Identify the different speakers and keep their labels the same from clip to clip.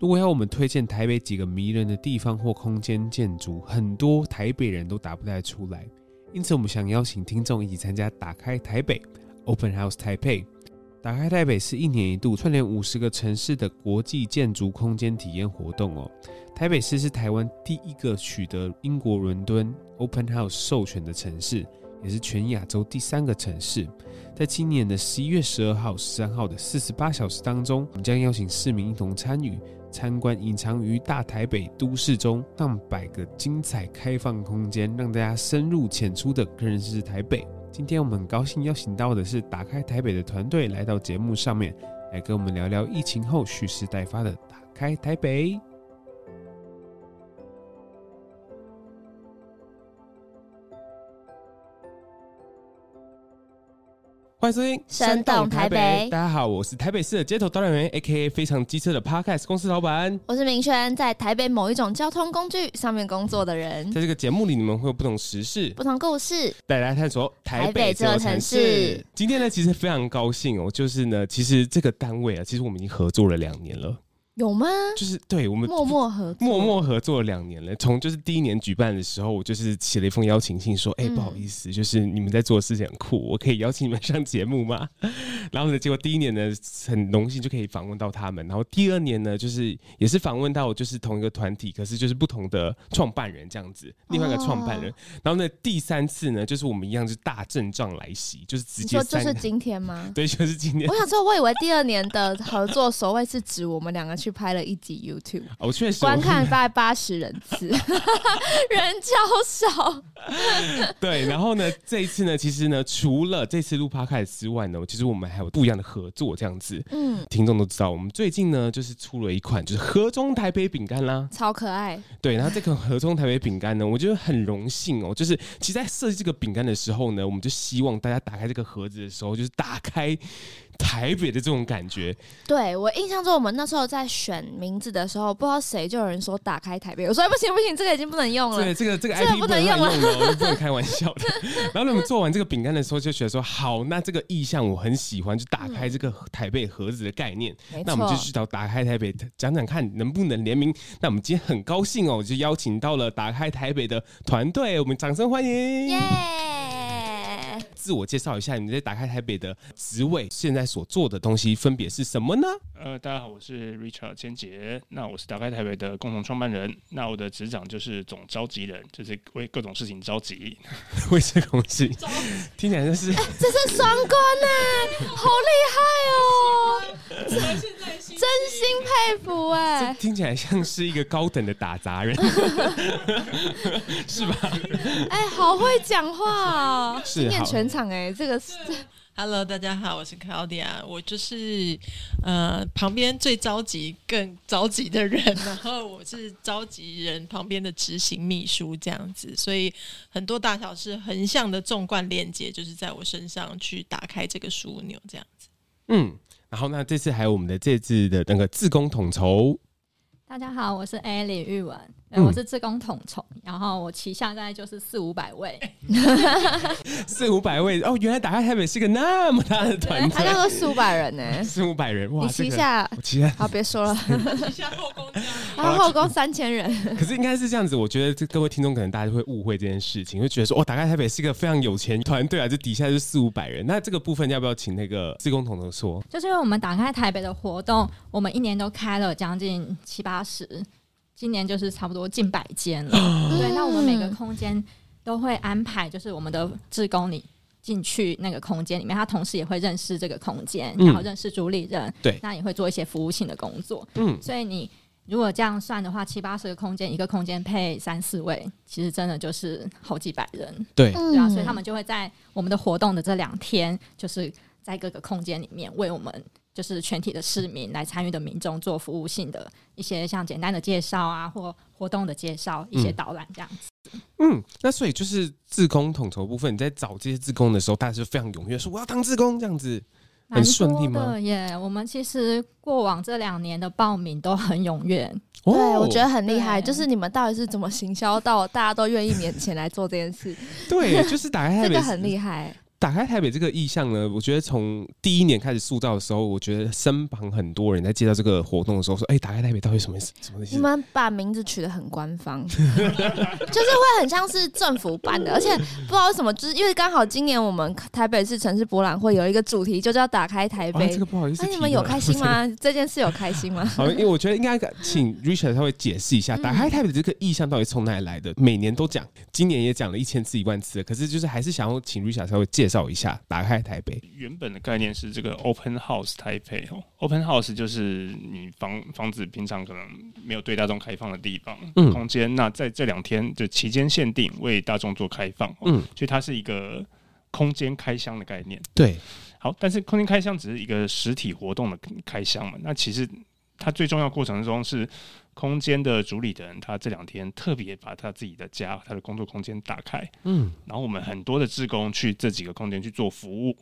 Speaker 1: 如果要我們推薦台北幾個迷人的地方或空間建築，很多台北人都答不太出來。因此，我們想邀請聽眾一起參加“打開台北 Open House 台北”。打開台北是一年一度串聯五十個城市的國際建築空間體驗活動哦。台北市是台灣第一個取得英國倫敦 Open House 授權的城市，也是全亞洲第三個城市。在今年的十一月十二號、十三號的四十八小時當中，我們將邀請市民一同參與。參觀隱藏於大台北都市中上百個精彩開放空間，讓大家深入淺出的更認識台北。今天我們很高興邀請到的是打開台北的團隊來到節目上面，來跟我們聊聊疫情後蓄勢待發的打開台北。歡迎收聽《生動台北》台北，大家好，我是台北市的街頭導覽員，A. K. A. 非常機車的 Podcast 公司老板，
Speaker 2: 我是明軒，在台北某一種交通工具上面工作的人。嗯、在
Speaker 1: 這個節目裡，你們會有不同時事、
Speaker 2: 不同故事，
Speaker 1: 帶大家探索台北這座城市。城市今天呢，其實非常高興哦、喔，就是呢，其實這個單位啊，其實我們已經合作了兩年了。
Speaker 2: 有嗎？就是
Speaker 1: 對我們默默合默默合作，莫莫合作了兩年了。從就是第一年舉辦的時候，我就是寫了一封邀請信，說：“哎、嗯欸，不好意思，就是你們在做的事情很酷，我可以邀請你們上節目嗎？”然後呢，結果第一年呢，很榮幸就可以訪問到他們。然後第二年呢，就是也是訪問到就是同一個團體，可是就是不同的創辦人這樣子，另外一個創辦人。哦、然後呢，第三次呢，就是我們一樣是大陣仗來襲，就是直接。你說就是
Speaker 2: 今天嗎？
Speaker 1: 對，就是今天。我想
Speaker 2: 說，我以為第二年的合作所謂是指我們兩個去。 拍了一集 YouTube，
Speaker 1: 我確實觀看大
Speaker 2: 概八十人次，人超少。
Speaker 1: 對，然後呢，這一次呢，其實呢，除了這次錄趴開始之外呢，其實我們還有不一樣的合作，這樣子。嗯，聽眾都知道，我們最近呢，就是出了一款就是盒裝台北餅乾啦，
Speaker 2: 超可愛。
Speaker 1: 對，然後這個盒裝台北餅乾呢，我覺得很榮幸哦，就是其實在設計這個餅乾的時候呢，我們就希望大家打開這個盒子的時候，就是打開台北的這種感覺，
Speaker 2: 對，我印象中，我們那時候在選名字的時候，不知道誰就有人說“打開台北”，我說、欸、不行不行，這個已經不能用了，對這個這個這個 IP 不能用了，就不
Speaker 1: 能開玩笑的。 然後我們做完這個餅乾的時候，就覺得說：“好，那這個意象我很喜歡，就打開這個台北盒子的概念。嗯”那我們就去找“打開台北”，講講看能不能聯名。那我們今天很高興哦、喔，我就邀請到了“打開台北”的團隊，我們掌聲歡迎。耶！Yeah! 自我介紹一下，你在打開台北的職位，現在所做的東西分別是什麼呢？呃，
Speaker 3: 大家好，我是 Richard 千杰，那我是打開台北的共同創辦人，那我的職長就是總召集人，就是為各種事情召集，
Speaker 1: 為這個東西。聽起來真、就是糕、欸，這是雙
Speaker 3: 關哎、欸，欸、好厲害哦、喔，
Speaker 2: 真心佩服哎、欸，
Speaker 1: 聽起來像是一個高等的打雜人， 是吧？哎、
Speaker 2: 欸，好會講話啊、喔，念全場。哎，這個是
Speaker 4: Hello，大家好，我是 Claudia，我就是呃旁邊最着急、更着急的人，然後我是着急人旁邊的執行秘書這樣子，所以很多大小事橫向的縱貫鏈接，就是在我身上去打開這個樞紐這樣子。
Speaker 1: 嗯，然後那這次還有我們的這次的那個志工統籌。
Speaker 5: 大家好，我是艾莉玉文，我是志工統籌，嗯、然後我旗下大概就是四五百位，
Speaker 1: 嗯、 四五百位哦，原來打開台北是個那麼大的團體？才那個四五百人呢？欸，四五百人，哇，你旗下，
Speaker 5: 這個、
Speaker 2: 我旗下，好別說了，旗下後宮。 然哇後後宮三千人，可
Speaker 1: 是應該是這樣子。我覺得這各位聽眾可能大家就會誤會這件事情，就覺得說，哦，打開台北是一個非常有錢團隊啊，這底下是四五百人。那這個部分要不要請那個志工統籌說？
Speaker 5: 就是因為我們打開台北的活動，我們一年都開了將近七八十，今年就是差不多近百間
Speaker 2: 了。
Speaker 1: 嗯、對，那
Speaker 5: 我們每個空間都會安排，就是我們的志工你進去那個空間裡面，他同時也會認識這個空間，然後認識主理人，對，嗯、那也會做一些服務性的工作。嗯，所以你。如果這樣算的話，七八十個空間，一個空間配三四位，其實真的就是好幾百人。對，對啊，所以他們就會在我們的活動的這兩天，就是在各個空間裡面為我們，就是全體的市民來參與的民眾做服務性的一些像簡單的介紹啊，或活動的介紹、一些導覽這樣
Speaker 1: 子嗯。嗯，那所以就是志工統籌部分，你在找這些志工的時候，大家就非常踴躍，說我要當志工這樣子。蠻順利的
Speaker 5: 耶！我們其實過往這兩年的報名都很踴躍，
Speaker 1: 哦、對我覺得
Speaker 5: 很厲害。對就是你們到底是怎麼行
Speaker 2: 銷到大家都願意免錢來做這件事？
Speaker 1: 對，就是打開這個很厲害。打開台北這個意象呢，我覺得從第一年開始塑造的時候，我覺得身旁很多人在接到這個活動的時候說：“哎、欸，打開台北到底什麼意思？什麼意
Speaker 2: 思？”你們把名字取得很官方， 就是會很像是政府辦的，而且不知道什麼，就是因為剛好今年我們台北市城市博覽會有一個主題就叫“打開台北”、啊，這個不好意思，那、哎、你們有開心嗎？這件事有開心嗎？好，因為
Speaker 1: 我覺得應該請 Richard 他會解釋一下“嗯、打開台北”這個意象到底從哪裡來的。每年都講，今年也講了一千次、一萬次，可是就是還是想要請 Richard 他會見。介紹一下，打開台北。
Speaker 3: 原本的概念是這個 open house 台北哦，open house 就是你房房子平常可能沒有對大眾開放的地方的空間，嗯，那在這兩天就期間限定為大眾做開放哦，嗯，所以它是一個空間開箱的概念。對，好，但是空間開箱只是一個實體活動的開箱嘛，那其實。它最重要過程中是空間的主理人，他這兩天特別把他自己的家、他的工作空間打開，嗯，然後我們很多的志工去這幾個空間去做服務。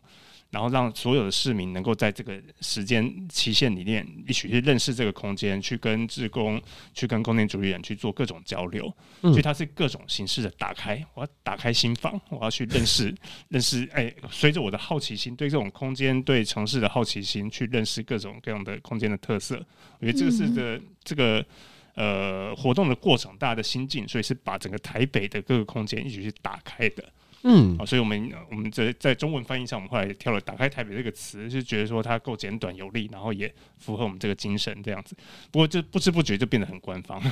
Speaker 3: 然後讓所有的市民能夠在這個時間期限裡面一起去認識這個空間，去跟志工，去跟空間主理人去做各種交流，嗯、所以它是各種形式的打開。我要打開心房，我要去認識、呵呵認識。哎，欸，隨着我的好奇心對這種空間、對城市的好奇心，去認識各種各樣的空間的特色。我覺得這個是的，嗯、這個呃活動的過程，大家的心境，所以是把整個台北的各個空間一起去打開的。嗯、哦，所以我，我們我們在在中文翻譯上，我們後來挑了“打開台北”這個詞，就覺得說它夠簡短有力，然後也符合我們這個精神這樣子。不過，就不知不覺就變得很官方，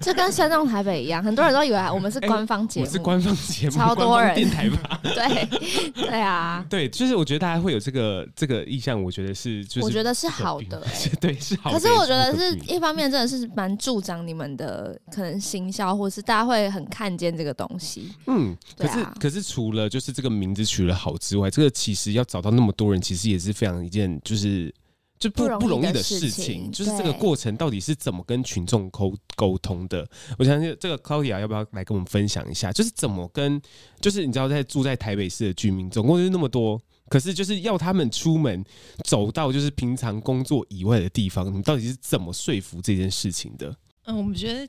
Speaker 2: 就跟山東台北一樣，很多人都以為我們是官方節目，欸、我是
Speaker 1: 官方節目，超多人 對
Speaker 2: 對啊，
Speaker 1: 對，就是我覺得大家會有這個這個意向，我覺得是，就是，我覺得是好的、欸， 對，是好的。可是我覺得是
Speaker 2: 一方面，真的是蠻助長你們的可能行銷，或是大家會很看見這個東西。嗯，
Speaker 1: 對啊，可是。是除了就是這個名字取得好之外，這個其實要找到那麼多人，其實也是非常一件就是
Speaker 3: 就不不容易的事情，事情對就是這個過
Speaker 1: 程到底是怎麼跟群眾溝溝通的？我想這這個 Claudia 要不要來跟我們分享一下？就是怎麼跟就是你知道在住在台北市的居民，總共就是那麼多，可是就是要他們出門走到就是平常工作以外的地方，你們到底是怎麼說服這件事情的？
Speaker 4: 嗯、呃，我們覺得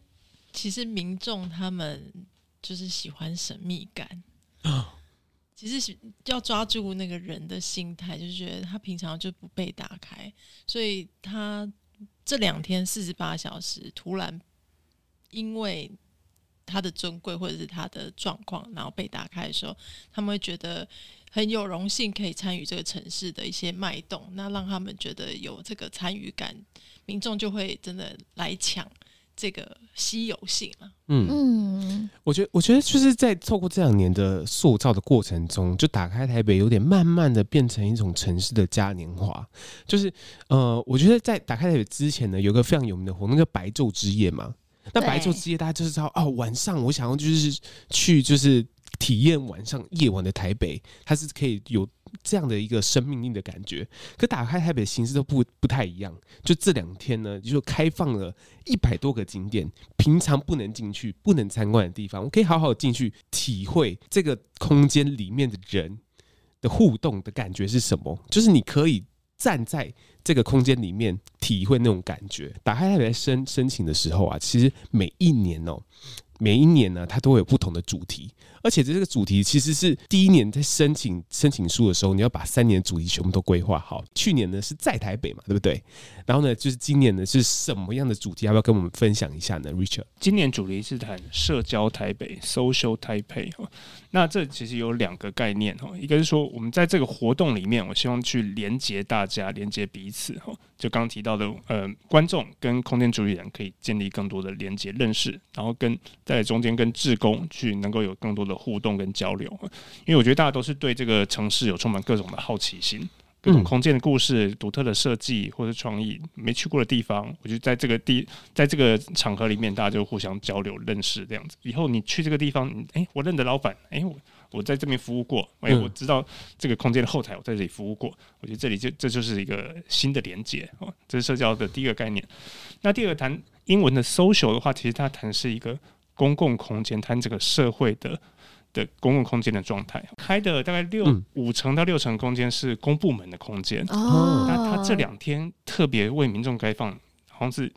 Speaker 4: 其實民眾他們就是喜歡神秘感。啊，oh. 其實要抓住那個人的心態，就是覺得他平常就不被打開，所以他這兩天四十八小時突然因為他的尊貴或者是他的狀況，然後被打開的時候，他們會覺得很有榮幸可以參與這個城市的一些脈動，那讓他們覺得有這個參與感，民眾就會真的來搶。這個稀有性嘛，
Speaker 1: 嗯，我覺得，我覺得就是在透過這兩年的塑造的過程中，就打開台北，有點慢慢的變成一種城市的嘉年華。就是，呃，我覺得在打開台北之前呢，有一個非常有名的活動叫、那個、白晝之夜嘛。那白晝之夜，大家就是知道哦對、啊，晚上我想要就是去就是。體驗晚上夜晚的台北，它是可以有這樣的一個生命力的感覺。可打開台北的形式都不不太一樣。就這兩天呢，就開放了一百多個景點，平常不能進去、不能參觀的地方，我可以好好進去體會這個空間裡面的人的互動的感覺是什麼？就是你可以站在這個空間裡面體會那種感覺。打開台北申申請的時候啊，其實每一年哦。每一年呢，它都會有不同的主題，而且這個主題其實是第一年在申請申請書的時候，你要把三年的主題全部都規劃好。去年呢是在台北嘛，對不對？然後呢，就是今年呢是什麼樣的主題？要不要跟我們分享一下呢，Richard？今年主題是談社
Speaker 3: 交台北 （Social Taipei）。那這其實有兩個概念哈，一個是說我們在這個活動裡面，我希望去連接大家，連接彼此哈。就剛剛提到的呃，觀眾跟空間主理人可以建立更多的連接認識，然後跟在中間跟志工去能夠有更多的互動跟交流，因為我覺得大家都是對這個城市有充滿各種的好奇心，各種空間的故事、獨特的設計或者創意，沒去過的地方，我覺得在這個地在這個場合裡面，大家就互相交流、認識這樣子。以後你去這個地方，你誒，我認得老闆，誒，我在這邊服務過，誒，我知道這個空間的後台，我在這裡服務過。我覺得這裡就這就是一個新的連接哦，這是社交的第一個概念。那第二個談英文的 social 的話，其實它談的是一個。公共空間，談這個社會的的公共空間的狀態。開的大概六、嗯、五層到六層空間是公部門的空間，那、哦、他這兩天特別為民眾開放，好像是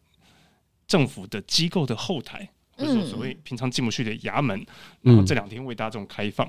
Speaker 3: 政府的機構的後台，就是所謂平常進不去的衙門，
Speaker 2: 嗯、然後這兩
Speaker 3: 天為大眾開放。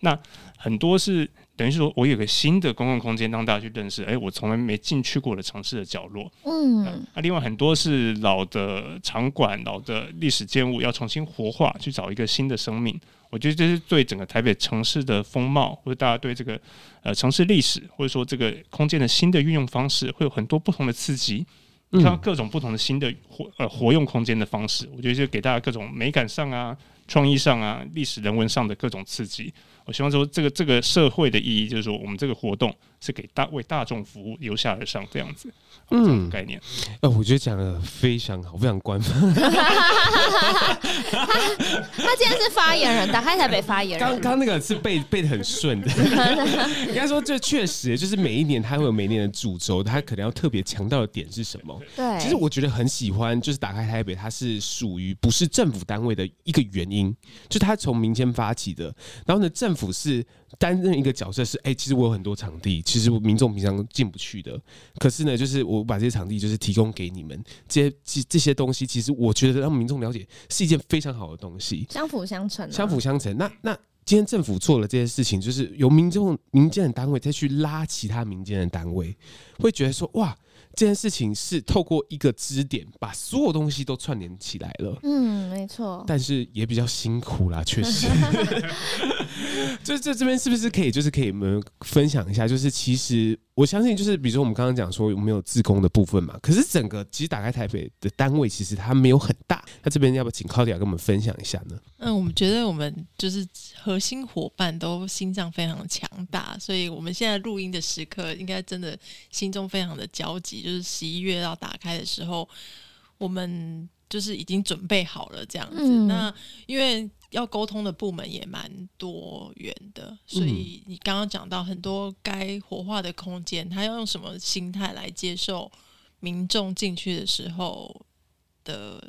Speaker 3: 那很多是等於說，我有個新的公共空間，讓大家去認識，誒、欸，我從來沒進去過的城市的角落。嗯，那、啊、另外很多是老的場館、老的歷史建物要重新活化，去找一個新的生命。我覺得這是對整個台北城市的風貌，或者大家對這個呃城市歷史，或者說這個空間的新的運用方式，會有很多不同的刺激。嗯，像各種不同的新的活呃活用空間的方式，我覺得就給大家各種美感上啊。創意上啊，歷史人文上的各種刺激，我希望說這個這個社會的意義就是說，我們這個活動是給大為大眾服務，由下而上這樣子，嗯，概念。
Speaker 1: 呃，我覺得講的非常好，非常官方。
Speaker 3: 他他今天是發言人， 打
Speaker 2: 開台北發言人。剛剛
Speaker 1: 那個是背背的很順的，
Speaker 2: 應
Speaker 1: 該說這確實就是每一年他會有每年的主軸，他可能要特別強調的點是什麼？對，其實我覺得很喜歡，就是打開台北，它是屬於不是政府單位的一個原因。就他從民間發起的，然後呢，政府是擔任一個角色是，是、欸、哎，其實我有很多場地，其實民眾平常進不去的，可是呢，就是我把這些場地就是提供給你們，這些這些東西，其實我覺得讓民眾了解是一件非常好的東西，
Speaker 2: 相輔相成、啊，相輔
Speaker 1: 相成。那那今天政府做了這些事情，就是由民眾民間的單位再去拉其他民間的單位，會覺得說哇。這件事情是透過一個支點，把所有東西都串聯起來了。
Speaker 2: 嗯，沒錯。
Speaker 1: 但是也比較辛苦啦，確實。這 這這邊是不是可以，就是可以我們分享一下？就是其實我相信，就是比如說我們剛剛講說有沒有自供的部分嘛？可是整個其實打開台北的單位，其實它沒有很大。那這邊要不要請 Kody 跟我們分享一下呢？嗯，
Speaker 4: 我們覺得我們就是核心夥伴都心臟非常的強大，所以我們現在錄音的時刻，應該真的心中非常的焦急。就是十一月要打開的時候，我們就是已經準備好了這樣子。嗯。那因為要溝通的部門也蠻多元的，所以你剛剛講到很多該活化的空間，他要用什麼心態來接受民眾進去的時候的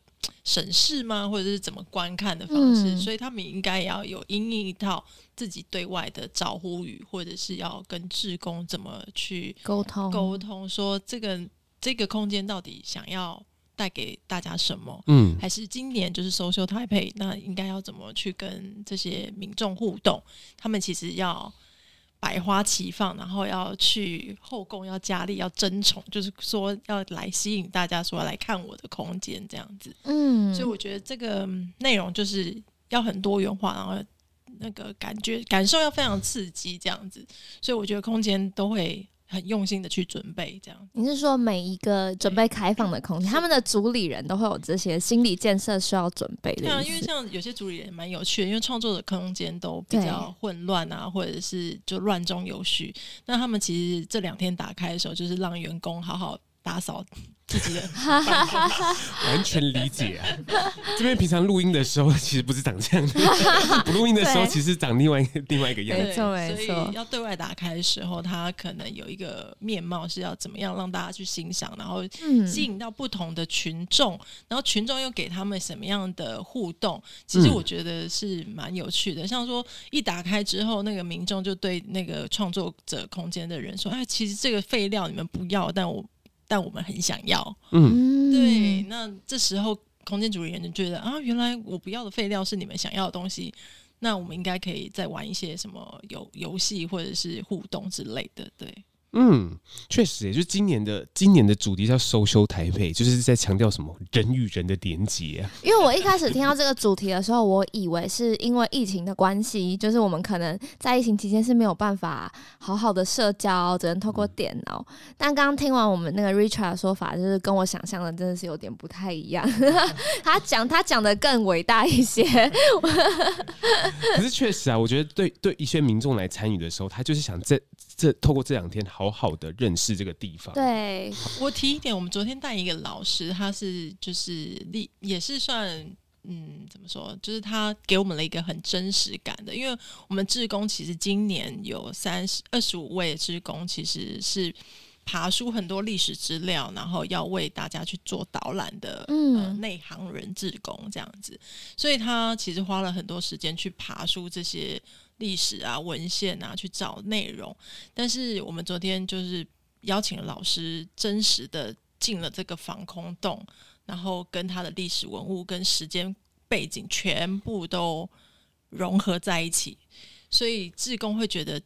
Speaker 4: 審視嗎，或者是怎麼觀看的方式？嗯，所以他們應該也要有因應一套自己對外的招呼語，或者是要跟志工怎麼去溝通溝通，說這個這個空間到底想要帶給大家什麼？嗯，還是今年就是 Social Taipei，那應該要怎麼去跟這些民眾互動？他們其實要。百花齊放，然後要去後宮，要佳麗，要爭寵，就是說要來吸引大家，說來看我的空間這樣子。嗯，所以我覺得這個內容就是要很多元化，然後那個感覺感受要非常刺激這樣子。所以我覺得空間都會。很用心的去準備，這樣。
Speaker 2: 你是說每一個準備開放的空間，對他們的主理人都會有這些心理建設需要準備的？對啊，因為
Speaker 4: 像有些主理人蠻有趣的，因為創作的空間都比較混亂啊，對或者是就亂中有序。那他們其實這兩天打開的時候，就是讓員工好好打掃。哈哈哈哈哈！
Speaker 1: 急急 完全理解。啊。這邊平常錄音的時候其實不是長這樣子，不錄 音的時候其實長另外一個對另外一個樣子。沒錯，所以
Speaker 4: 要對外打開的時候，他可能有一個面貌是要怎麼樣讓大家去欣賞，然後吸引到不同的群眾，嗯、然後群眾又給他們什麼樣的互動？其實我覺得是蠻有趣的。嗯、像說一打開之後，那個民眾就對那個創作者空間的人說：“哎、啊，其實這個廢料你們不要，但我……”但我們很想要，嗯，
Speaker 2: 對。
Speaker 4: 那這時候，空間主人就覺得啊，原來我不要的廢料是你們想要的東西，那我們應該可以再玩一些什麼遊遊戲或者是互動
Speaker 2: 之類的，對。
Speaker 1: 嗯，確實，就今年的今年的主題叫 “Social 台北”，就是在強調什麼人與人的連結啊。
Speaker 2: 因為我一開始聽到這個主題的時候， 我以為是因為疫情的關係，就是我們可能在疫情期間是沒有辦法好好的社交，只能透過電腦。嗯、但剛剛聽完我們那個 Richard 的說法，就是跟我想象的真的是有點不太一樣。 他講他講的更偉大一些。 可
Speaker 1: 是確實啊，我覺得對對一些民眾來參與的時候，他就是想這。這透過這兩天好好的認識這個地方。
Speaker 4: 對，好我提一點，我們昨天帶一個老師，他是就是歷也是算嗯，怎麼說，就是他給我們了一個很真實感的，因為我們志工其實今年有三十二十五位志工其實是爬梳很多歷史資料，然後要為大家去做導覽的嗯、呃、內行人志工這樣子，所以他其實花了很多時間去爬梳這些。歷史啊，文獻啊，去找內容。但是我們昨天就是邀請老師，真實的進了這個防空洞，然後跟他的歷史文物、跟時間背景全部都融合在一起。所以志工會覺得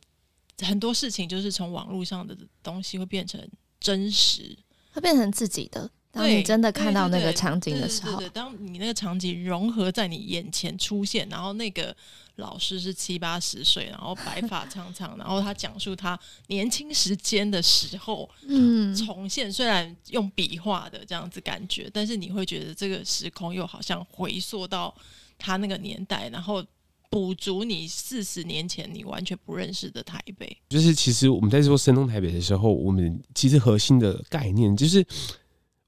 Speaker 4: 很多事情就是從網絡上的東西會變成真實，
Speaker 2: 會變成自己的。當你真的看到那個場景的時候，
Speaker 4: 對對對對對對對，當你那個場景融合在你眼前出現，然後那個老師是七八十歲，然後白髮蒼蒼， 然後他講述他年輕時間的時候，嗯，重現雖然用筆畫的這樣子感覺，但是你會覺得這個時空又好像回溯到他那個年代，然後補足你四十年前你完全不認識的台北。
Speaker 1: 就是其實我們在說神東台北的時候，我們其實核心的概念就是。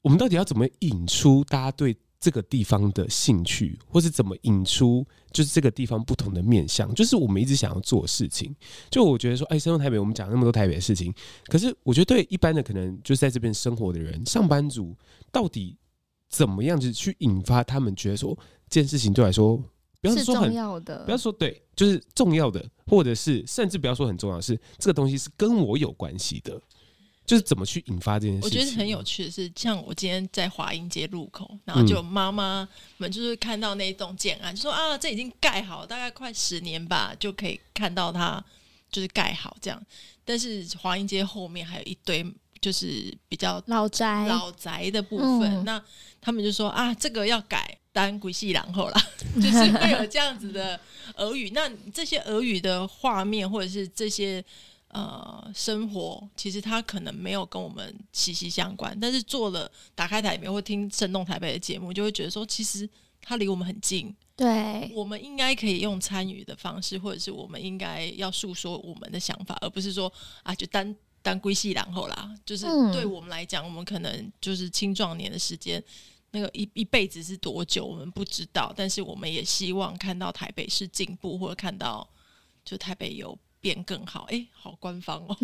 Speaker 1: 我們到底要怎麼引出大家對這個地方的興趣，或是怎麼引出就是這個地方不同的面向？就是我們一直想要做的事情。就我覺得說，哎、欸，深入台北，我們講那麼多台北的事情，可是我覺得對一般的可能就是在這邊生活的人，上班族到底怎麼樣子去引發他們覺得說，這件事情對我來說，不要說很重要的，不要說對，就是重要的，或者是甚至不要說很重要的是，是這個東西是跟我有關係的。就是怎麼去引發這件事情？我覺得是很
Speaker 4: 有趣的是，像我今天在華陰街路口，然後就媽媽們就是看到那棟建案，就說啊，這已經蓋好，大概快十年吧，就可以看到它就是蓋好這樣。但是華陰街後面還有一堆就是比較老宅老宅的部分，宅嗯、那他們就說啊，這個要改單軌系然後啦，就是會有這樣子的俄語。那這些俄語的畫面，或者是這些。呃，生活其實它可能沒有跟我們息息相關，但是做了打開台北或聽生動台北的節目，就會覺得說，其實它離我們很近。對，我們應該可以用參與的方式，或者是我們應該要訴說我們的想法，而不是說啊，就單單歸系然後啦。就是對我們來講，嗯、我們可能就是青壯年的時間，那個一一輩子是多久，我們不知道，但是我們也希望看到台北是進步，或者看到就台北有。變更好，哎、欸，好官方哦。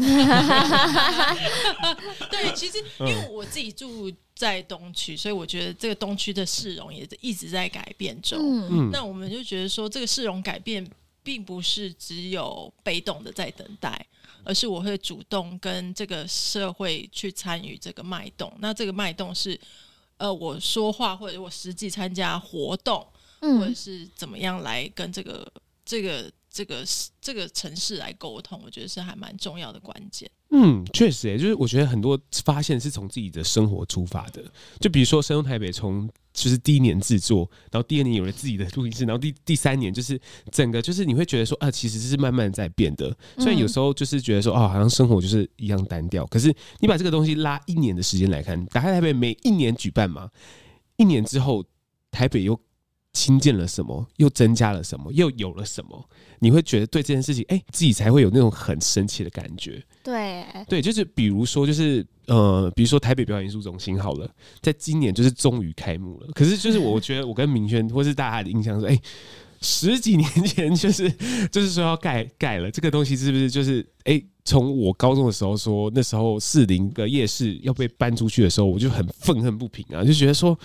Speaker 4: 對，其實因為我自己住在東區，所以我覺得這個東區的市容也一直在改變中。嗯、那我們就覺得說，這個市容改變並不是只有被動的在等待，而是我會主動跟這個社會去參與這個脈動。那這個脈動是，呃，我說話或者我實際參加活動，嗯、或者是怎麼樣來跟這個這個。這個是這個城市來溝通，我覺得是還蠻重要的
Speaker 1: 關鍵。嗯，確實、欸，哎，就是我覺得很多發現是從自己的生活出發的。就比如說，深入台北，從就是第一年製作，然後第二年有了自己的錄音室，然後第第三年就是整個就是你會覺得說啊，其實這是慢慢在變的。雖然有時候就是覺得說哦、啊，好像生活就是一樣單調，可是你把這個東西拉一年的時間來看，打開台北每一年舉辦嘛，一年之後台北又新建了什麼？又增加了什麼？又有了什麼？你會覺得對這件事情，哎、欸，自己才會有那種很神奇的感覺。
Speaker 2: 對，對，就是
Speaker 1: 比如說，就是呃，比如說台北表演藝術中心好了，在今年就是終於開幕了。可是就是我覺得，我跟明軒或是大家的印象是，哎、欸，十幾年前就是就是說要蓋蓋了，這個東西是不是就是哎，從、欸、我高中的時候說，那時候四零個夜市要被搬出去的時候，我就很憤恨不平啊，就覺得說。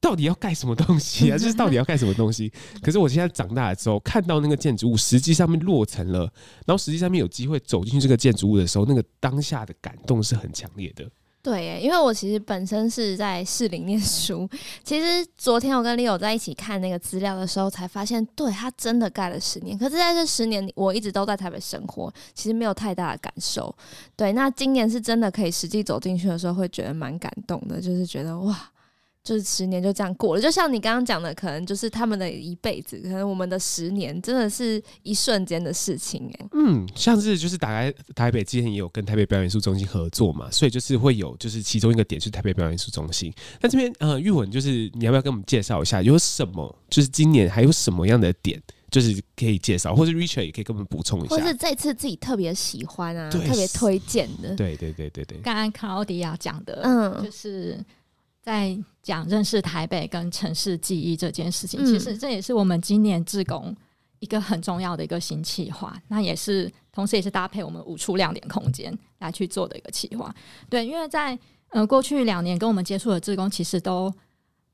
Speaker 1: 到底要蓋什麼東西啊？就是到底要蓋什麼東西？ 可是我現在長大的時候，看到那個建築物，實際上面落成了，然後實際上面有機會走進這個建築物的時候，那個當下的感動是很強烈的。
Speaker 2: 對耶，因為我其實本身是在市立念書。其實昨天我跟 Leo 在一起看那個資料的時候，才發現，對他真的蓋了十年。可是在這十年裡，我一直都在台北生活，其實沒有太大的感受。對，那今年是真的可以實際走進去的時候，會覺得蠻感動的，就是覺得哇。就是十年就這樣過了，就像你剛剛講的，可能就是他們的一輩子，可能我們的十年真的是一瞬間的事情哎。嗯，
Speaker 1: 像是就是打開台北之前也有跟台北表演藝術中心合作嘛，所以就是會有就是其中一個點，就是台北表演藝術中心。那這邊呃，玉文就是你要不要跟我們介紹一下有什麼？就是今年還有什麼樣的點，就是可以介紹，或者 Richard 也可以跟我們補充一下，或者
Speaker 5: 這次自己特別喜歡啊，
Speaker 2: 是特
Speaker 1: 別推
Speaker 5: 薦的。對
Speaker 1: 對對對對，剛
Speaker 5: 剛 Claudia 講的，嗯，就是。嗯在講認識台北跟城市記憶這件事情，其實這也是我們今年志工一個很重要的一個新企劃，那也是同時也是搭配我們五處亮點空間來去做的一個企劃。對，因為在呃過去兩年跟我們接觸的志工，其實都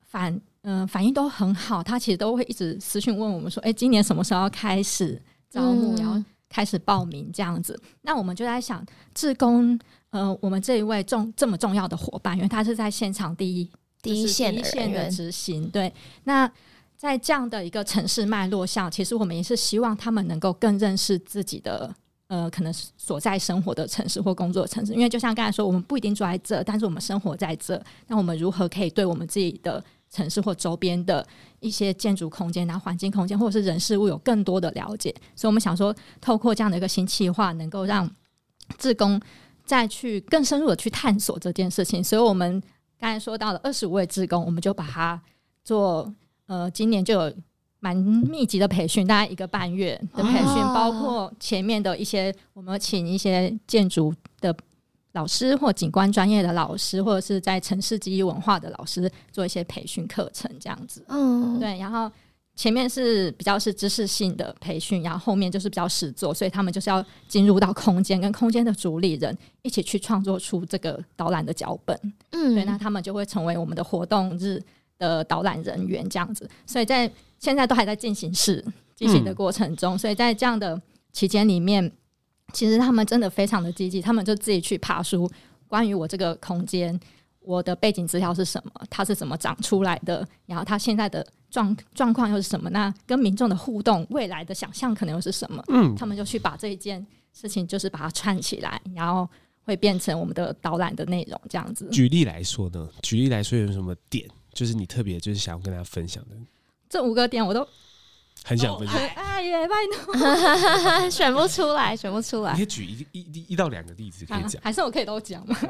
Speaker 5: 反嗯、呃、反應都很好，他其實都會一直私訊問我們說，哎、欸，今年什麼時候要開始招募，然後、嗯、開始報名這樣子。那我們就在想，志工。呃，我們這一位重，這麼重要的夥伴，因為他是在現場第一第一線的人，的執行。對。那在這樣的一個城市脈絡下，其實我們也是希望他們能夠更認識自己的呃，可能所在生活的城市或工作的城市。因為就像剛才說，我們不一定住在這，但是我們生活在這。那我們如何可以對我們自己的城市或周邊的一些建築空間、然後環境空間，或者是人事物有更多的了解？所以我們想說，透過這樣的一個新企劃，能夠讓志工再去更深入的去探索這件事情，所以我們剛才說到了二十五位志工，我們就把它做呃，今年就有蠻密集的培訓，大概一個半月的培訓，哦、包括前面的一些，我們請一些建築的老師或景觀專業的老師，或者是在城市記憶文化的老師做一些培訓課程，這樣子。哦、嗯，對，然後。前面是比較是知識性的培訓，然後後面就是比較實做，所以他們就是要進入到空間，跟空間的主理人一起去創作出這個導覽的腳本。嗯，對，那他們就會成為我們的活動日的導覽人員這樣子。所以在現在都還在進行式進行的過程中，嗯、所以在這樣的期間裡面，其實他們真的非常的積極，他們就自己去爬書，關於我這個空間。我的背景資料是什麼？它是怎麼長出來的？然後它現在的狀狀況又是什麼？那跟民眾的互動，未來的想象可能又是什麼？嗯，他們就去把這一件事情，就是把它串起來，然後會變成我們的導覽的內容。這樣子。舉
Speaker 1: 例來說呢？舉例來說有什麼點？就是你特別就是想要跟大家分享的？
Speaker 5: 這五個點我都。
Speaker 1: 很
Speaker 5: 想分享，哦，哎呀，拜託， 選不出來，選不出來。
Speaker 2: 你可以
Speaker 1: 舉一、一、一到兩
Speaker 2: 個
Speaker 5: 例子可以講，啊，還是我可以都講嗎可？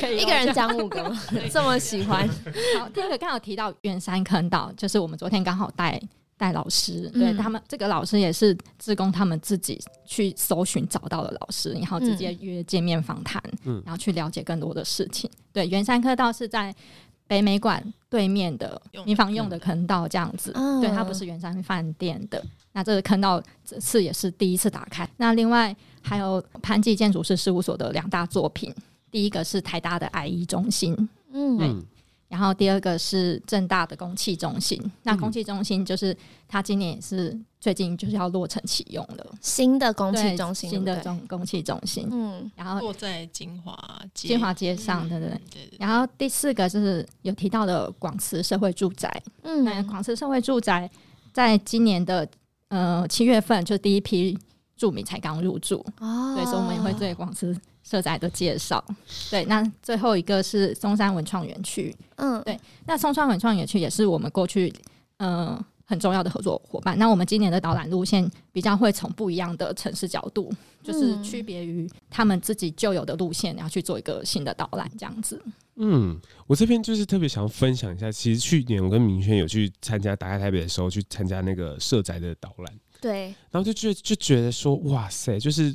Speaker 5: 可以，一個人講五個，以講這麼喜歡。 好，第一個剛好提到圓山坑道，就是我們昨天剛好帶帶老師，嗯、對他們這個老師也是志工他們自己去搜尋找到的老師，然後直接約見面訪談，嗯、然後去了解更多的事情。對，圓山坑道是在北美館對面的民房用的坑道這樣子，哦、對，它不是圓山飯店的。那這個坑道這次也是第一次打開。那另外還有潘冀建築師事務所的兩大作品，第一個是台大的 IE 中心，嗯對，然後第二個是政大的公企中心。那公企中心就是它今年也是。最近就是要落成啟用的新的公汽中心，新的中公汽中心，嗯，然
Speaker 4: 後落在金華街，金華街上，對對對，對。嗯，對對對，
Speaker 5: 然後第四個就是有提到的廣慈社會住宅，嗯，那廣慈社會住宅在今年的呃七月份，就第一批住民才剛入住，哦，所以，我們也會對廣慈社宅的介紹。哦，對，那最後一個是松山文創園區，嗯，對，那松山文創園區也是我們過去，嗯，呃。很重要的合作夥伴。那我們今年的導覽路線比較會從不一樣的城市角度，就是區別於他們自己舊有的路線，然後去做一個新的導覽這樣子。
Speaker 1: 嗯，我這邊就是特別想要分享一下，其實去年我跟明軒有去參加打開台北的時候，去參加那個社宅的導覽。對。然後就覺就覺得說，哇塞，就是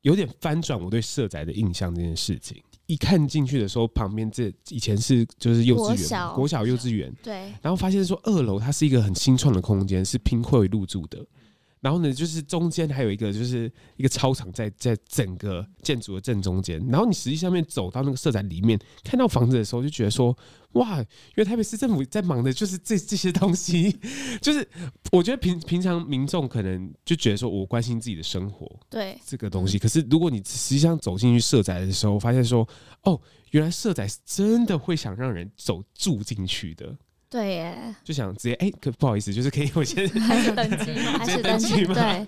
Speaker 1: 有點翻轉我對社宅的印象這件事情。一看進去的時候，旁邊這以前是就是幼稚園，國小,國小幼稚園，對。然後發現說，二樓它是一個很新創的空間，是拼會入住的。然後呢，就是中間還有一個，就是一個操場在在整個建築的正中間。然後你實際上面走到那個社宅裡面，看到房子的時候，就覺得說，哇，因為台北市政府在忙的就是這這些東西， 就是我覺得平平常民眾可能就覺得說我關心自己的生活，對這個東西。可是如果你實際上走進去社宅的時候，發現說，哦，原來社宅是真的會想讓人走住進去的。
Speaker 2: 對
Speaker 1: 耶，就想直接哎，欸、可不好意思，就是可以，我先登記，還是登記嗎？對，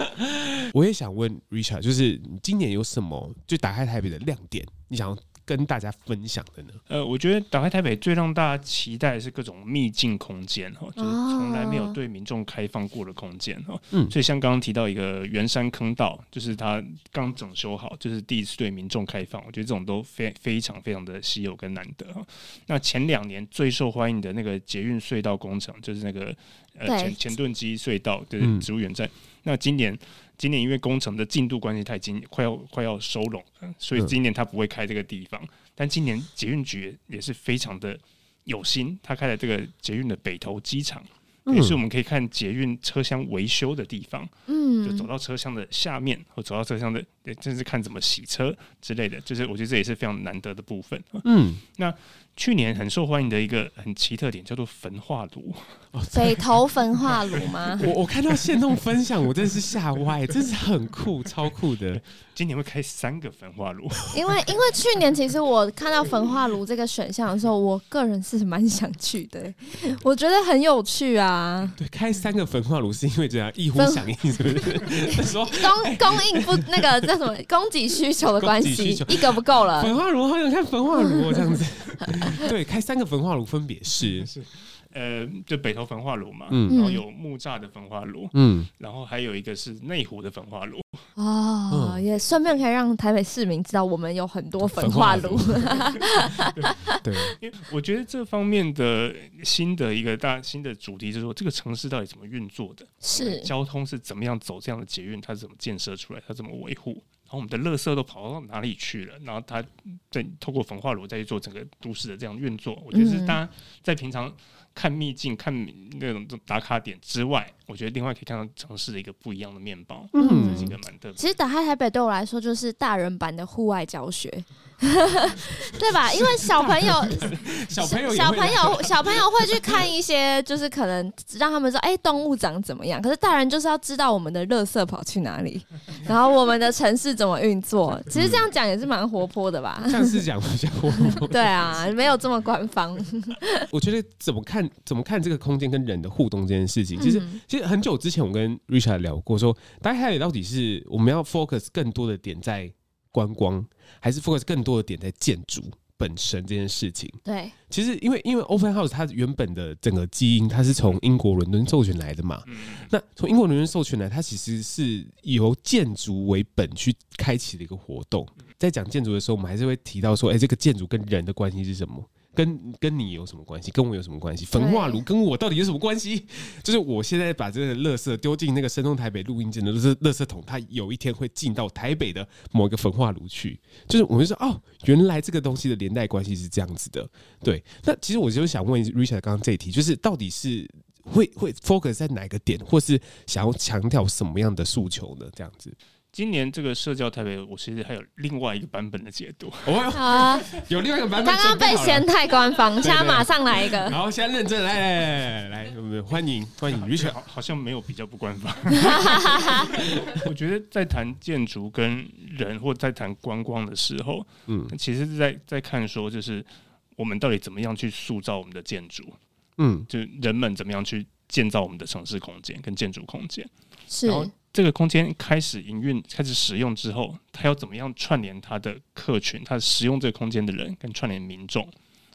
Speaker 1: 我也想問 Richard，就是今年有什麼就打開台北的亮點？你想要跟大家分享的呢？呃，我覺得打開台北最讓大家期
Speaker 3: 待的是各種秘境空間哈，就是從來沒有對民眾開放過的空間哈，嗯、哦，所以像剛剛提到一個圓山坑道，就是它剛整修好，就是第一次對民眾開放。我覺得這種都非非常非常的稀有跟難得。那前兩年最受歡迎的那個捷運隧道工程，就是那個呃對前前盾機隧,隧道的、就是、植物園站，嗯、那今年。今年因為工程的進度關係太緊，快要快要收攏，所以今年他不會開這個地方。嗯、但今年捷運局也是非常的有心，他開了這個捷運的北投機廠也是、嗯、我們可以看捷運車廂維修的地方。嗯，就走到車廂的下面，或走到車廂的。對，就是看怎麼洗車之類的，就是我覺得這也是非常難得的部分。嗯，那去年很受歡迎的一個很奇
Speaker 1: 特點叫做焚化爐哦，北
Speaker 2: 投焚化爐嗎？ 我我看到線動分
Speaker 1: 享，我真的是嚇歪，真是很酷，超酷的。 今年會開三個焚化爐，
Speaker 2: 因為因為去年其實我看到焚化爐這個選項的時候，我個人是蠻想去的，我覺得很有趣啊。
Speaker 1: 對，開三個焚化爐是因為這樣一呼響應，是不是？
Speaker 2: 說供供、欸、應不那個。 供給需求的關係，一格不夠了。焚 化爐，好像開焚化爐這
Speaker 1: 樣子， 對，開三個焚化爐，分別是。
Speaker 3: 是呃，就北投焚化爐嘛，嗯，然後有木柵的焚化爐，嗯，然後還有一個是內湖的焚化爐，
Speaker 2: 啊、嗯，也算變可以讓台北市民知道我們有很多焚化爐。化
Speaker 3: 爐 對，對對，因為我覺得這方面的新的一個大新的主題就是說，這個城市到底怎麼運作的？是交通是怎麼樣走這樣的捷運？它是怎麼建設出來？它怎麼維護？然後我們的垃圾都跑到哪裡去了？然後它再透過焚化爐再去做整個都市的這樣運作。我覺得是大家在平常。看秘境，看那種打卡點之外。我覺得另外可以看到城市的一個不一樣的面包。嗯，這蠻特別。其實
Speaker 2: 打開台北對我來說就是大人版的戶外教學，嗯、 對吧？因為小朋友、是
Speaker 3: 是小朋友、小朋友、小
Speaker 2: 朋友會去看一些，就是可能讓他們說，哎，動物長怎麼樣？可是大人就是要知道我們的垃圾跑去哪裡，然後我們的城市怎麼運作。其實這樣講也是蠻活潑的吧？像是
Speaker 1: 講不像活潑？
Speaker 2: 對啊，沒有這麼官方。
Speaker 1: 我覺得怎麼看怎麼看這個空間跟人的互動這件事情，其實。嗯嗯其實很久之前，我跟 Richard 聊過說，說大家到底到底是我們要 focus 更多的點在觀光，還是 focus 更多的點在建築本身這件事情？對，其實因為因為 Open House 它原本的整個基因，它是從英國倫敦授權來的嘛。嗯。那從英國倫敦授權來，它其實是以建築為本去開啟的一個活動。在講建築的時候，我們還是會提到說，哎、欸，這個建築跟人的關係是什麼？跟跟你有什麼關係？跟我有什麼關係？焚化爐跟我到底有什麼關係？對就是我現在把這個垃圾丟進那個深中台北錄音站的垃圾桶，它有一天會進到台北的某一個焚化爐去。就是我就說哦，原來這個東西的連帶關係是這樣子的。對，那其實我就想問 Richard 剛剛這一題，就是到底是會會 focus 在哪個點，或是想要強調什麼樣的訴求呢？這樣子。
Speaker 3: 今年這個社交台北，我其實還有另外一個版本的解讀。啊，有另外一個版本。剛剛被嫌
Speaker 2: 太官方，現在馬上來一個。然
Speaker 3: 後先認真來來，歡迎歡迎。而且好好像沒有比較不官方。我覺得在談建築跟人，或在談觀光的時候，嗯，其實是在在看說，就是我們到底怎麼樣去塑造我們的建築，嗯，就是人們怎麼樣去建造我們的城市空間跟建築空間，是。這個空間開始營運、開始使用之後，它要怎麼樣串聯它的客群、它使用這個空間的人跟串聯民眾？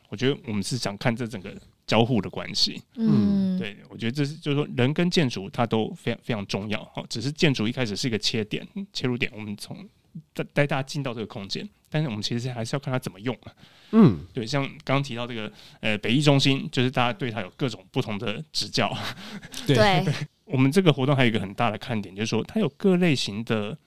Speaker 3: 我覺得我們是想看這整個交互的關係。嗯，對，我覺得這、就是就是說人跟建築它都非常非常重要。只是建築一開始是一個切點、切入點，我們從帶帶大家進到這個空間，但是我們其實還是要看它怎麼用嘛。嗯，對，像剛剛提到這個呃北藝中心，就是大家對它有各種不同的指教。對。 對我們這個活動還有一個很大的看點，就是說它有各類型的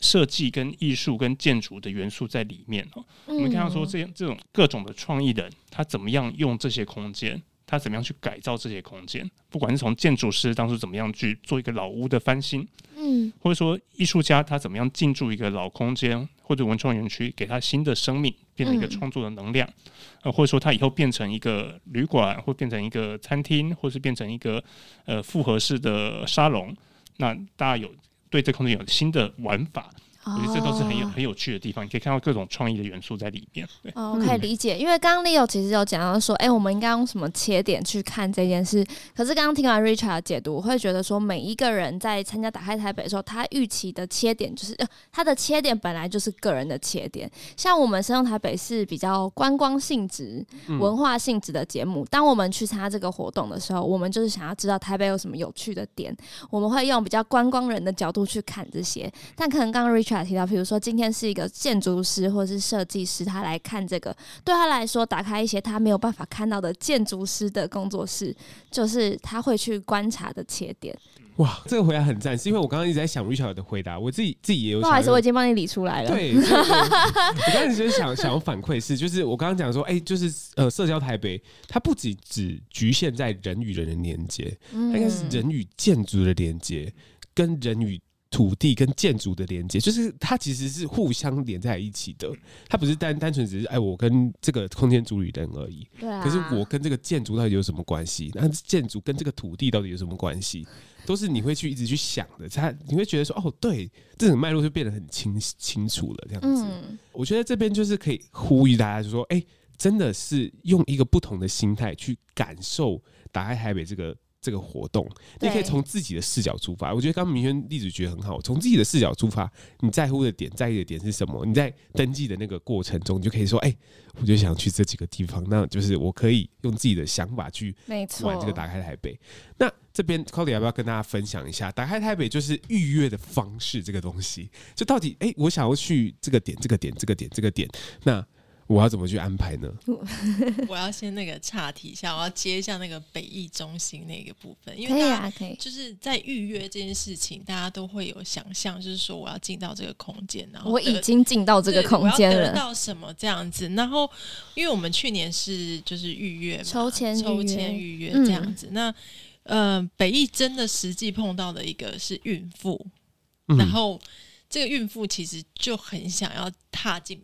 Speaker 3: 設計、跟藝術、跟建築的元素在裡面。我們看到說這樣這種各種的創意人，他怎麼樣用這些空間，他怎麼樣去改造這些空間？不管是從建築師當初怎麼樣去做一個老屋的翻新，嗯，或者說藝術家他怎麼樣進駐一個老空間。或者文創園區，給它新的生命，變成一個創作的能量，嗯、呃，或者說它以後變成一個旅館，或變成一個餐廳，或是變成一個呃複合式的沙龍，那大家有對這空間有新的玩法。我覺得這都是很有很有趣的地方，你可以看到各種創意的元素在裡面。對，我可以理
Speaker 2: 解，因為剛剛 Leo 其實有講到說，哎、欸，我們應該用什麼切點去看這件事。可是剛剛聽完 Richard 的解讀，我會覺得說，每一個人在參加打開台北的時候，他預期的切點就是、呃、他的切點本來就是個人的切點。像我們深入台北是比較觀光性質、文化性質的節目，嗯、當我們去參加這個活動的時候，我們就是想要知道台北有什麼有趣的點，我們會用比較觀光人的角度去看這些。但可能剛剛 Richard。提到，比如說今天是一個建築師或是設計師，他來看這個，對他來說打開一些他沒有辦法看到的建築師的工作室，就是他會去觀察的切點。
Speaker 1: 哇，這個回答很讚，是因為我剛剛一直在想於小友的回答，我自己自己也有。不好意思，我已經
Speaker 2: 幫你理出來了。對，
Speaker 1: 我剛剛只是想想要反饋是，就是我剛剛講說，哎、欸，就是呃，社交台北它不僅只只局限在人與人的連結，它應該是人與建築的連結，跟人與。土地跟建築的連接，就是它其實是互相連在一起的。它不是單單純只是哎，我跟這個空間主理人而已。對啊、可是我跟這個建築到底有什麼關係？那建築跟這個土地到底有什麼關係？都是你會去一直去想的。它你會覺得說，哦，對，這種脈絡就變得很清清楚了，這樣子。嗯、我覺得這邊就是可以呼籲大家，就說，哎、欸，真的是用一個不同的心態去感受，打開台北這個。這個活動，你可以從自己的視角出發。對我覺得剛剛明軒例子覺得很好，從自己的視角出發，你在乎的點、在意的點是什麼？你在登記的那個過程中，你就可以說：“哎、欸，我就想去這幾個地方。”那就是我可以用自己的想法去玩這個“打開台北”錯。那這邊 Cody 要不要跟大家分享一下“打開台北”就是預約的方式這個東西？就到底哎、欸，我想要去這個點、這個點、這個點、這個點？那。我要怎麼去安排呢？
Speaker 4: 我，我要先那個岔題一下，我要接一下那個北藝中心那個部分，因為大家，可以啊，可以，就是在預約這件事情，大家都會有想象，就是說我要進到這個空間，然後我已經進到這個空間了，得到什麼這樣子？然後，因為我們去年是就是預約嘛抽籤、抽籤預約這樣子。嗯、那呃，北藝真的實際碰到的一個是孕婦，嗯、哼然後這個孕婦其實就很想要踏進。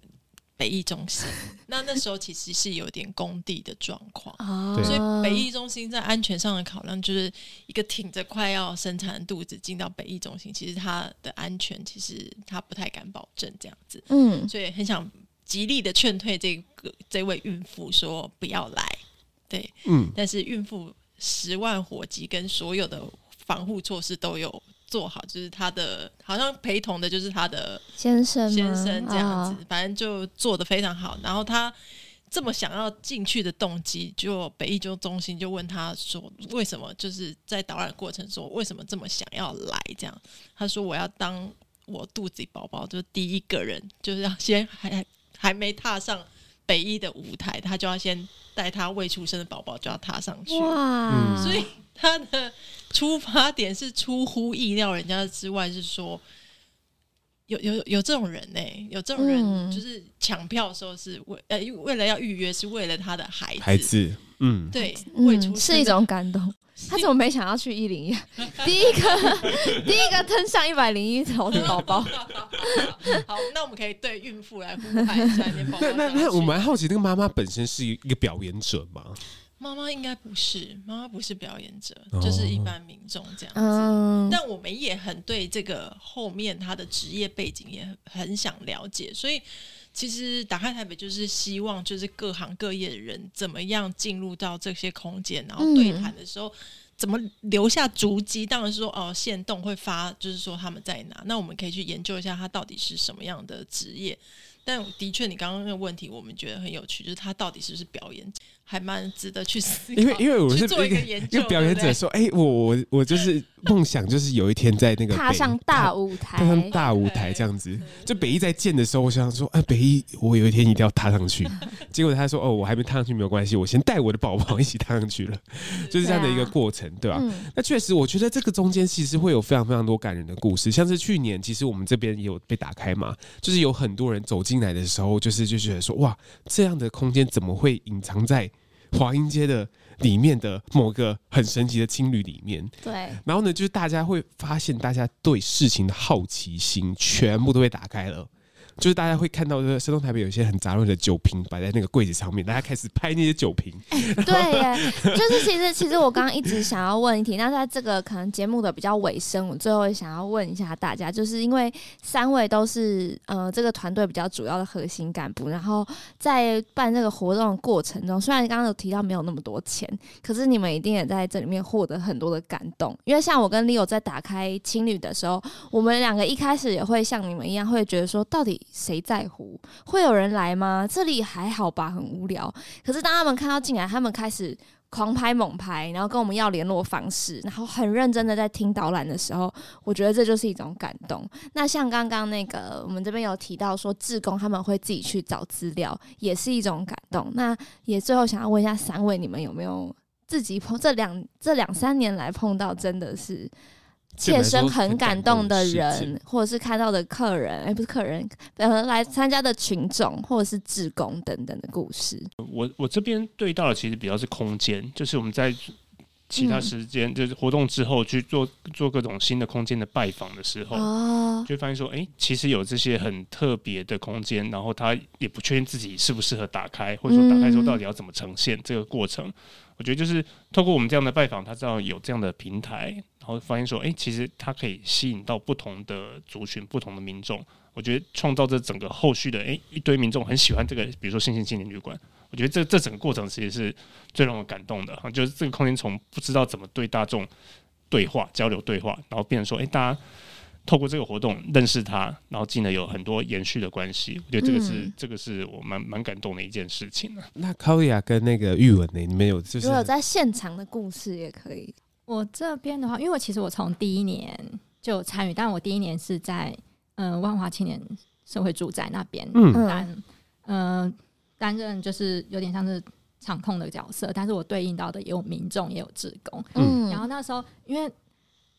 Speaker 4: 北藝中心，那那時候其實是有點工地的狀況。 所以北藝中心在安全上的考量，就是一個挺着快要生產肚子進到北藝中心，其實他的安全其實他不太敢保證這樣子，嗯，所以很想極力的勸退這個這位孕婦說不要來，對，嗯，但是孕婦十萬火急，跟所有的防護措施都有。做好就是他的，好像陪同的就是他的
Speaker 2: 先生先生這樣子
Speaker 4: ，oh. 反正就做得非常好。然後他這麼想要進去的動機，就北藝中中心就問他說：“為什麼？就是在導覽過程說為什麼這麼想要來？”這樣他說：“我要當我肚子裡寶寶，就是第一個人，就是要先還還沒踏上。”北藝的舞台，他就要先帶他未出生的寶寶就要踏上去，哇嗯、所以他的出發點是出乎意料人家之外，是說有有有這種人呢？欸，有這種人，就是搶票的時候是為呃為了要預約，是為了他的孩子，孩
Speaker 1: 子，嗯，對，
Speaker 2: 未出生、嗯、是一種感動。他怎麼沒想要去 一零一？第一個第一個登上一百零一頭的寶寶，好，那我們可以對孕婦來公
Speaker 1: 開一下。 那那，那我們還好奇，那個媽媽本身是一個表演者嗎？
Speaker 2: 媽媽應該不
Speaker 4: 是，媽媽不是表演者，就是一般民眾這樣子。Oh. 嗯、但我們也很對這個後面她的職業背景也很想了解，所以。其實打開台北就是希望，就是各行各業的人怎麼樣進入到這些空間，然後對談的時候，嗯、呀怎麼留下足跡？當然是說，哦，限動會發，就是說他們在哪，那我們可以去研究一下他到底是什麼樣的職業。但的確，你剛剛那個問題，我們覺得很有趣，就是他到底是不是表演者？還蠻值得去思考，因為因為
Speaker 1: 我是一做一個研究，一個表演者說：“誒、欸，對 我我我就是夢想，就是有一天在那個踏，踏上
Speaker 2: 大舞台，踏上大舞台
Speaker 1: 這樣子。就北藝在建的時候，我想說，哎、啊，北藝，我有一天一定要踏上去。對結果他說：哦、喔，我還沒踏上去，沒有關係，我先帶我的寶寶一起踏上去了。對就是這樣的一個過程，對吧、啊？對啊嗯、那確實，我覺得這個中間其實會有非常非常多感人的故事。像是去年，其實我們這邊也有被打開嘛，就是有很多人走進來的時候，就是就覺得說：哇，這樣的空間怎麼會隱藏在？”華陰街的裡面的某個很神奇的青旅裡面，對，然後呢，就是大家會發現，大家對事情的好奇心全部都被打開了。就是大家會看到，就是山東台北有一些很雜亂的酒瓶擺在那個櫃子上面，大家開始拍那些酒瓶。對
Speaker 2: 耶，就是其實其實我剛剛一直想要問一題，那在這個可能節目的比較尾聲，我最後想要問一下大家，就是因為三位都是呃這個團隊比較主要的核心幹部，然後在辦這個活動的過程中，雖然剛剛有提到沒有那麼多錢，可是你們一定也在這裡面獲得很多的感動，因為像我跟 Leo 在打開情侶的時候，我們兩個一開始也會像你們一樣，會覺得說到底。誰在乎？會有人來嗎？這裡還好吧，很無聊。可是當他們看到進來，他們開始狂拍猛拍，然後跟我們要聯絡方式，然後很認真的在聽導覽的時候，我覺得這就是一種感動。那像剛剛那個，我們這邊有提到說，志工他們會自己去找資料，也是一種感動。那也最後想要問一下三位，你們有沒有自己碰，這兩，這兩三年來碰到真的是？切身很感動的人，的或者是看到的客人，哎，不是客人，呃，來參加的群眾，或者是志工等等的故事。
Speaker 3: 我我這邊對到的其實比較是空間，就是我們在其他時間，嗯、就是活動之後去做做各種新的空間的拜訪的時候，哦、就發現說，哎，其實有這些很特別的空間，然後他也不確定自己適不適合打開，或者說打開之後到底要怎麼呈現這個過程。嗯我覺得就是透過我們這樣的拜訪，他知道有這樣的平台，然後發現說，誒、欸，其實它可以吸引到不同的族群、不同的民眾。我覺得創造這整個後續的，誒、欸、一堆民眾很喜歡這個，比如說新興青年旅館。我覺得這這整個過程其實是最讓我感動的哈，就是這個空間從不知道怎麼對大眾對話、交流對話，然後變成說，哎、欸，大家。透過這個活動認識他，然後進了有很多延續的關係，我覺得這個是、嗯、這個是我蠻蠻感動的一件事情了、
Speaker 1: 啊。那康雅跟那個玉文呢，你們有就是？如果在現
Speaker 5: 場的故事也可以。我這邊的話，因為我其實我從第一年就參與，但我第一年是在嗯、呃、萬華青年社會住宅那邊，嗯嗯，擔嗯擔任就是有點像是場控的角色，但是我對應到的也有民眾也有志工，嗯，然後那時候因為。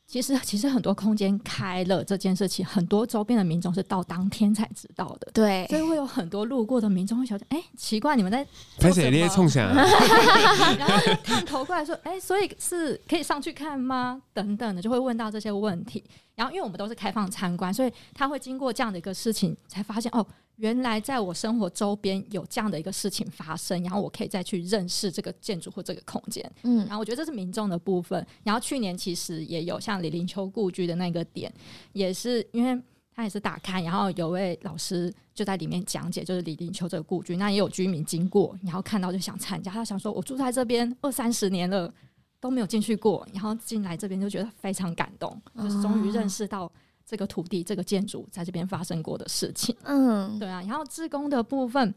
Speaker 5: 其實，其實很多空間開了這件事情，很多周邊的民眾是到當天才知道的。對，所以會有很多路過的民眾會想說哎、欸，奇怪，你們在？
Speaker 1: 而且你也衝了’。 然
Speaker 5: 後探頭過來說，哎、欸，所以是可以上去看嗎？等等的，就會問到這些問題。然後，因為我們都是開放參觀，所以他會經過這樣的一個事情，才發現哦。原來在我生活周邊有這樣的一個事情發生，然後我可以再去認識這個建築或這個空間，嗯，然後我覺得這是民眾的部分。然後去年其實也有像李臨秋故居的那個點，也是因為他也是打開，然後有位老師就在裡面講解，就是李臨秋這個故居，那也有居民經過，然後看到就想參加，他想說，我住在這邊二三十年了都沒有進去過，然後進來這邊就覺得非常感動，哦、就是終於認識到。這個土地，這個建築在這邊發生過的事情，嗯，對啊。然後志工的部分，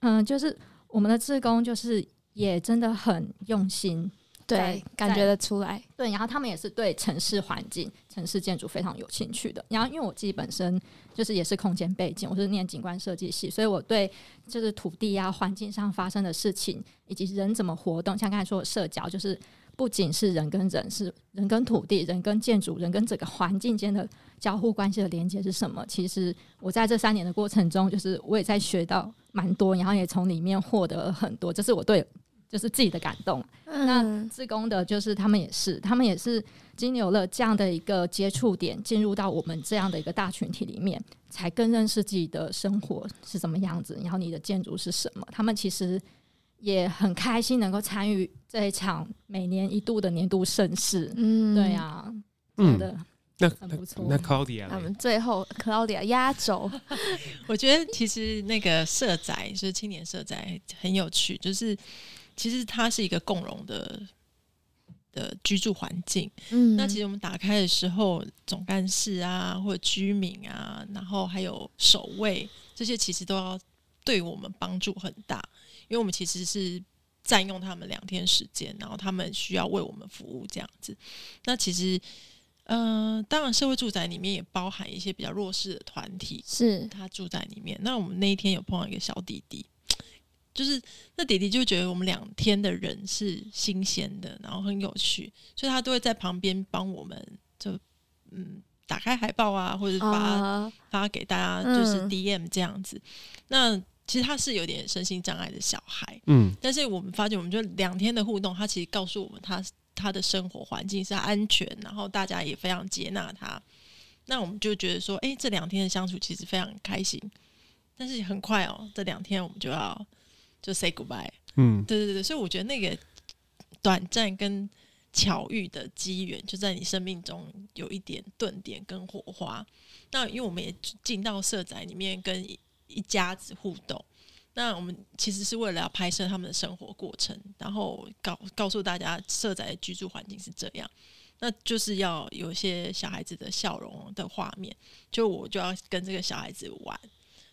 Speaker 5: 嗯、呃，就是我們的志工就是也真的很用心，對，對在感覺得出來，對。然後他們也是對城市環境、城市建築非常有興趣的。然後因為我自己本身就是也是空間背景，我是念景觀設計系，所以我對就是土地啊、環境上發生的事情，以及人怎麼活動，像剛才說的社交，就是。不僅是人跟人，是人跟土地、人跟建築、人跟整個環境間的交互關係的連接是什麼？其實我在這三年的過程中，就是我也在學到蠻多，然後也從裡面獲得了很多，這是我對就是自己的感動。嗯、那志工的，就是他們也是，他們也是經由了這樣的一個接觸點，進入到我們這樣的一個大群體裡面，才更認識自己的生活是怎麼樣子，然後你的建築是什麼？他們其實。也很開心能夠參與這一場每年一度的年度盛事，嗯，對呀、啊，嗯的，那很不
Speaker 1: 錯。那，那 Claudia，他們、
Speaker 5: 啊、最後 Claudia 壓軸，
Speaker 4: 我覺得其實那個社宅，就是青年社宅，很有趣，就是其實它是一個共融的的居住環境。嗯哼，那其實我們打開的時候，總幹事啊，或者居民啊，然後還有守衛，這些其實都要對我們幫助很大。因為我們其實是占用他們兩天時間，然後他們需要為我們服務這樣子。那其實，嗯、呃，當然社會住宅裡面也包含一些比較弱勢的團體，是他住在裡面。那我們那一天有碰到一個小弟弟，就是那弟弟就覺得我們兩天的人是新鮮的，然後很有趣，所以他都會在旁邊幫我們就，就嗯，打開海報啊，或者發、哦、發給大家，就是 DM 這樣子。嗯、那其實他是有點身心障礙的小孩，嗯，但是我們發覺，我們就兩天的互動，他其實告訴我們他，他他的生活環境是安全，然後大家也非常接納他。那我們就覺得說，哎、欸，這兩天的相處其實非常開心。但是很快哦、喔，這兩天我們就要就 say goodbye。嗯，對對對對，所以我覺得那個短暫跟巧遇的機緣，就在你生命中有一點頓點跟火花。那因為我們也進到社宅裡面跟。一家子互動，那我們其實是為了要拍攝他們的生活過程，然後告告訴大家設在居住環境是這樣，那就是要有些小孩子的笑容的畫面，就我就要跟這個小孩子玩，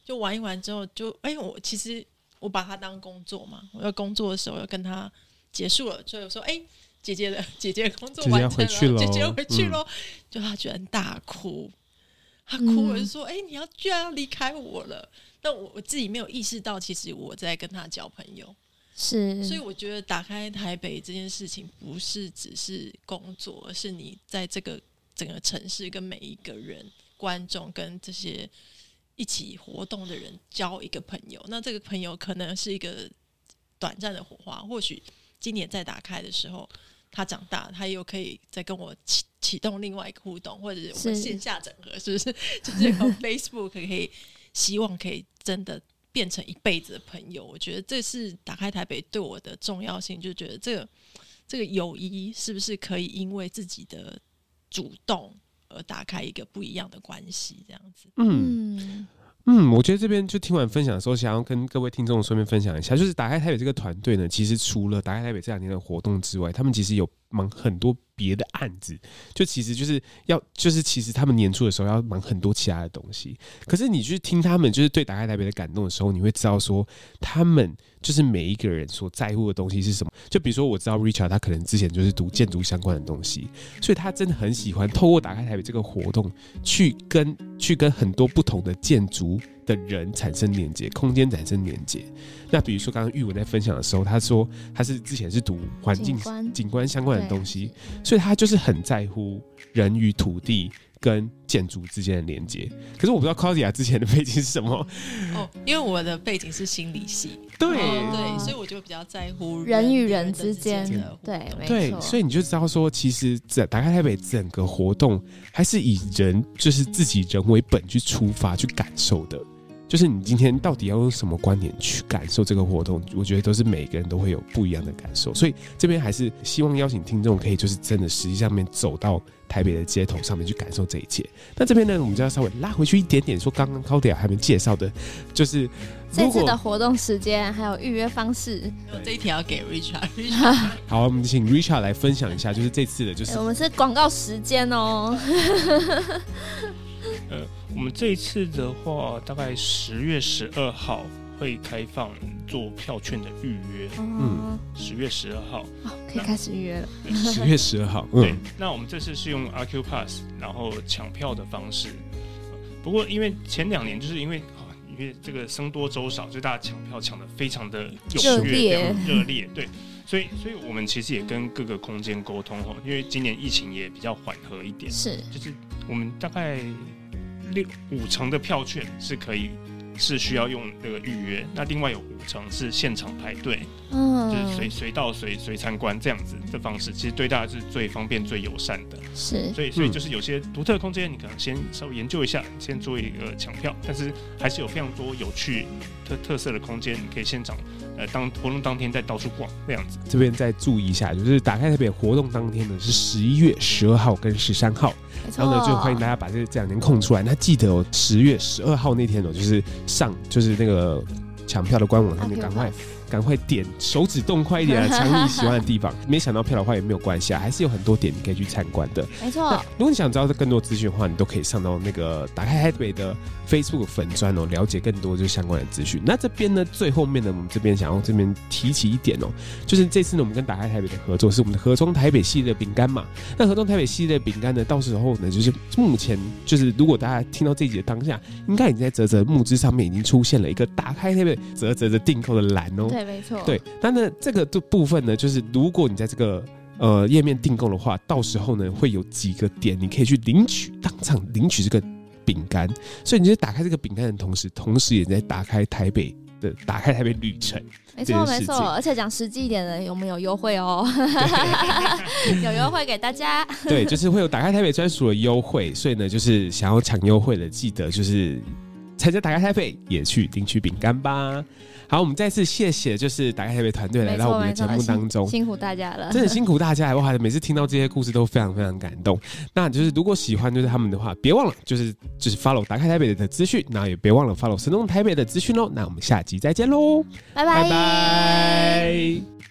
Speaker 4: 就玩一玩之後就，哎、欸，我其實我把他當工作嘛，我要工作的時候要跟他結束了，所以我說，哎、欸，姐姐的姐姐的工作，完成了，姐姐回去咯，嗯、就他居然大哭。他哭，我就說：“哎、嗯、欸，你要居然要離開我了？”但我我自己沒有意識到，其實我在跟他交朋友。
Speaker 2: 是，所以我
Speaker 4: 覺得打開台北這件事情，不是只是工作，而是你在這個整個城市跟每一個人、觀眾跟這些一起活動的人交一個朋友。那這個朋友可能是一個短暫的火花，或許今年再打開的時候。他長大，他又可以再跟我啟啟動另外一個互動，或者是我們線下整合，是不是？就是 Facebook 可以，希望可以真的變成一輩子的朋友。我覺得這是打開台北對我的重要性，就覺得這個這個友誼是不是可以因為自己的主動而打開一個不一樣的關係？這樣子，嗯。
Speaker 1: 嗯，我覺得這邊就聽完分享的時候，想要跟各位聽眾順便分享一下，就是打開台北這個團隊呢，其實除了打開台北這兩天的活動之外，他們其實有。忙很多別的案子，就其實就是要，就是其實他們年初的時候要忙很多其他的東西。可是你去聽他們，就是對打開台北的感動的時候，你會知道說，他們就是每一個人所在乎的東西是什麼。就比如說，我知道 Richard 他可能之前就是讀建築相關的東西，所以他真的很喜歡透過打開台北這個活動，去跟去跟很多不同的建築。的人產生連接，空間產生連接。那比如說，剛剛玉文在分享的時候，他說他是之前是讀環境景觀，景觀相關的東西，對所以他就是很在乎人與土地跟建築之間的連接。可是我不知道 Claudia 之前的背景是什麼？
Speaker 4: 哦，因為我的背景是
Speaker 2: 心理系。對、哦、對，所以我就比較在乎人與人，人之間的對對，沒錯，所以
Speaker 1: 你就知道說，其實整打開台北整個活動，還是以人就是自己人為本去出發、嗯、去感受的。就是你今天到底要用什麼觀點去感受這個活動？我覺得都是每個人都會有不一樣的感受，所以這邊還是希望邀請聽眾可以就是真的實際上面走到台北的街頭上面去感受這一切。那這邊呢，我們就要稍微拉回去一點點，說剛剛 Caudia 他們介紹的，就是這次的
Speaker 2: 活動時間還有預約方式。這一條給 Richard。對
Speaker 1: 好，我們請 Richard 來分享一下，就是這次的就是我
Speaker 2: 們是廣告時間哦、喔。 呃
Speaker 3: 我們這一次的話，大概十月十二號會開放做票券的預約。嗯，十月十二號、哦，
Speaker 2: 可以開始預約了。十月十二號，嗯對，
Speaker 3: 那我們這次是用 Accupass，然後搶票的方式。不過，因為前兩年就是因為啊，因為這個僧多粥少，就大家搶票搶的非常的熱烈，熱烈。對，所以，所以我們其實也跟各個空間溝通哈，因為今年疫情也比較緩和一點，是，就是我們大概。六五成的票券是可以，是需要用那個預約。那另外有五成是現場排隊，嗯，
Speaker 2: 就是隨
Speaker 3: 隨到隨隨參觀這樣子的方式，其實對大家是最方便、最友善的。是，所以所以就是有些獨特的空間，你可能先稍微研究一下，嗯、先做一個搶票，但是還是有非常多有趣。特特色的空間，你可以現場，呃，當活動當天再到處逛這
Speaker 1: 樣子。這邊再注意一下，就是打開特別活動當天呢是十一月十二號跟十三號，沒錯。然後呢就歡迎大家把這這兩天空出來。那記得喔，十月十二號那天哦、喔，就是上就是那個搶票的官網上面趕快。啊對對對趕快點手指動快一點啊，搶你喜歡的地方。 沒想到票的話也沒有關係啊，還是有很多點你可以去參觀的。沒錯錯。如果你想知道更多資訊的話，你都可以上到那個打開台北的 Facebook 粉磚哦，了解更多就是相關的資訊。那這邊呢，最後面呢，我們這邊想要這邊提起一點哦，就是這次呢，我們跟打開台北的合作是我們的合中台北系列餅乾嘛。那合中台北系列餅乾呢，到時候呢，就是目前就是如果大家聽到這一集的當下，應該已經在澤澤募資上面已經出現了一個打開台北澤澤的訂購的欄哦。對，但呢，這個的部分呢，就是如果你在這個呃頁面訂購的話，到時候呢會有幾個點，你可以去領取，當場領取這個餅乾。所以你就是打開這個餅乾的同時，同時也在打開台北的打開台北旅程。沒錯沒錯，
Speaker 2: 而且講實際一點的，有沒有優惠哦？對 有優惠給大家。對，就是
Speaker 1: 會有打開台北專屬的優惠，所以呢，就是想要搶優惠的，記得就是參加打開台北，也去領取餅乾吧。好，我們再次謝謝，就是打開台北團隊來到我們的節目當中，辛
Speaker 2: 苦大家了，真的辛苦大
Speaker 1: 家。我每次聽到這些故事都非常非常感動。 那就是如果喜歡就是他們的話，別忘了就是就是 follow 打開台北的資訊，然後也別忘了 follow 神農台北的資訊哦。那我們下集再見嘍，
Speaker 3: 拜
Speaker 2: 拜 bye。Bye
Speaker 1: bye